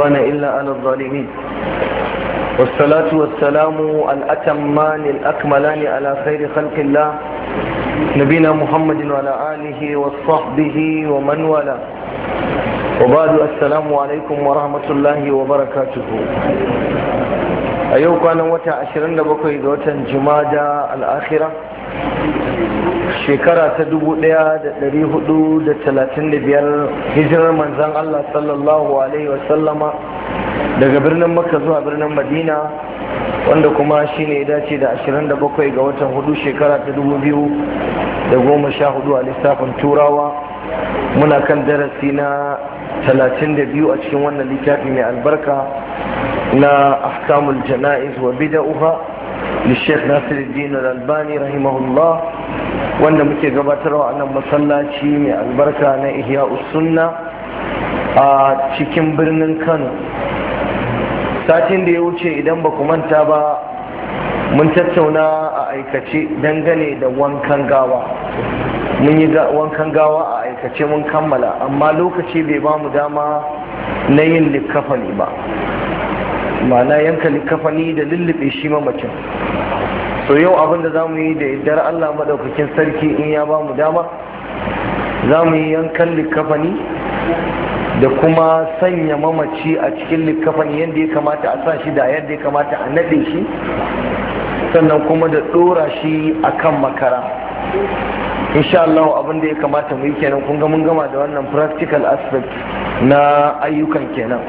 عدوان إلا على الظالمين والصلاة والسلام الأتمان الأكملان على خير خلق الله نبينا محمد وعلى آله وصحبه ومن والاه وبعد السلام عليكم ورحمة الله وبركاته أيوك أنا وتا عشرين لبكي دوتا جمادى الآخرة shekara ta dubu da da talatin biyar hijirar manzan Allah sallallahu Alaihi wasallama daga birnin Makka zuwa birnin Madina wanda kuma shi ne dace da 27 ga watan hudu shekara ta da goma sha hudu a lissafin turawa muna kan darasi na biyu a cikin wannan littafi mai albarka na ahkamul jana'iz wa bida'uha للشيخ ناصر الدين الألباني رحمه الله wanda muke gabatarwa a nan masallaci mai albarka na ihya sunna a cikin birnin kano satin da ya wuce idan ba ku manta ba mun tattauna a aikace dangane da wankan gawa mun yi wankan gawa a aikace mun kammala amma lokaci bai ba mu dama na yin likkafani ba mana yanka likafani da lullube shi mamacin so yau abin da za mu yi da idar allah maɗaukakin sarki in ya ba mu dama za mu yi yankan likafani da kuma sanya mamaci a cikin likafani yadda ya kamata a sa shi da yadda ya kamata a naɗe shi sannan kuma da ɗora shi a kan makara insha Allah abin da ya kamata mu yi kenan kun mun gama da wannan practical aspect na ayyukan kenan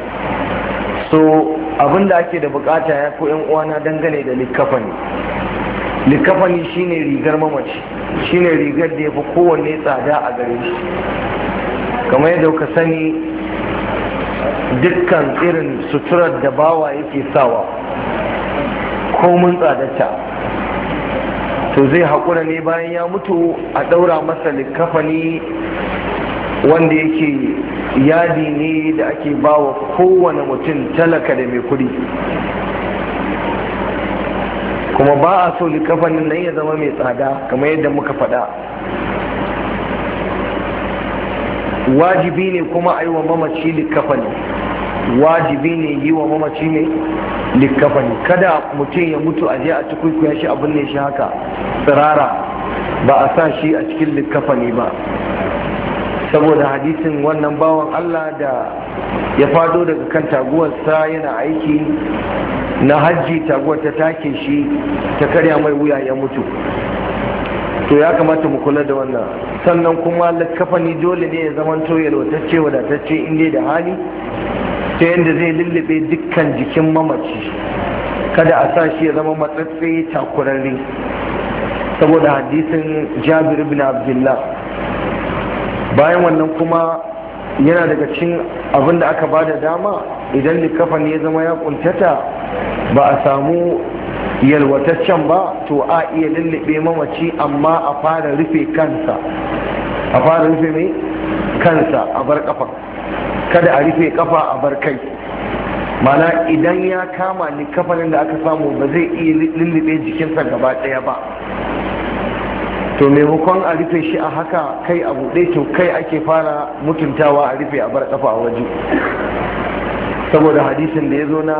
so abin da ake da bukata ya ko yan uwana dangane da likafani likafani shine rigar mamaci shine rigar da ya fi kowanne tsada a gare shi kamar yadda kuka sani dukkan irin suturar da bawa yake sawa komun tsadarta to zai haƙura ne bayan ya mutu a ɗaura masa likafani wanda yake yadi ne da ake ba wa kowane mutum talaka da mai kudi kuma ba a so likafanin nan ya zama mai tsada kamar yadda muka faɗa wajibi ne kuma a yi wa mamaci likafani wajibi ne yi wa mamaci ne likafani kada mutum ya mutu a je a cikin shi abin ne shi haka tsirara ba a sa shi a cikin likafani ba saboda hadisin wannan bawan Allah da ya fado daga kan taguwarsa yana aiki na hajji taguwar ta take shi ta karya mai wuya ya mutu to ya kamata mu kula da wannan sannan kuma lakafani dole ne ya zamanto da wadatacce inda da hali ta yadda zai lullube dukkan jikin mamaci kada a sa shi ya zama matsatse takurarre saboda hadisin jabir ibn abdullah bayan wannan kuma yana daga cin abin da aka ba da dama idan ne ya zama ya kuntata ba a samu yalwataccen ba to a iya lullube mamaci amma a fara rufe kansa a fara rufe mai kansa a bar kafa kada a rufe kafa a bar kai mana idan ya kama likafanin da aka samu ba zai iya lullube jikinsa gaba ɗaya ba to maimakon a rufe shi a haka kai a buɗe to kai ake fara mutuntawa a rufe a bar kafa a waje saboda hadisin da ya zo na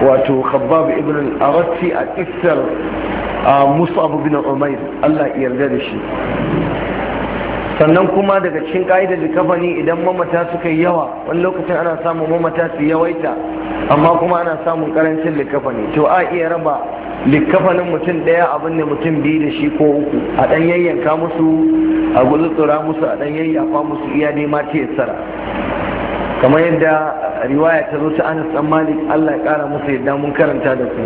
wato khabbab ibn al-aratti a a mus'ab bin umair Allah ya yarda da shi sannan kuma daga cikin ka'idar likafani idan mamata suka yi yawa wani lokacin ana samun mamata su yawaita amma kuma ana samun karancin likafani to a iya raba likkafanin mutum ɗaya abin ne mutum biyu da shi ko uku a ɗan yayyanka musu a guzutsura musu a ɗan yayyafa musu iya dai ma ce tsara kamar yadda riwaya ta zo ta anas dan malik allah ya kara musu yadda mun karanta da ku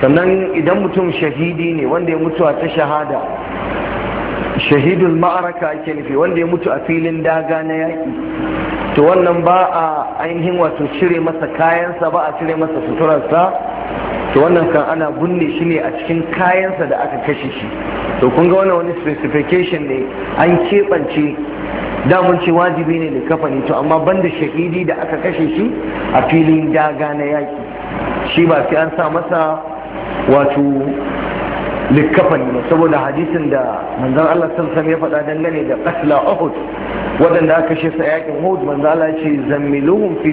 sannan idan mutum shahidi ne wanda ya mutu a ta shahada shahidul ma'araka ake nufi wanda ya mutu a filin daga na yaƙi to wannan ba a ainihin wato cire masa kayansa ba a cire masa suturarsa to wannan kan ana bunne shi ne a cikin kayansa da aka kashe shi to kun ga wannan wani specification ne an keɓance damun ce wajibi ne da kafani to amma banda shahidi da aka kashe shi a filin daga na yaki shi ba sai an sa masa wato likkafani ne saboda hadisin da manzon Allah sallallahu ya faɗa dangane da qatla Uhud waɗanda aka kashe sa yakin Uhud manzon Allah ya ce zammiluhum fi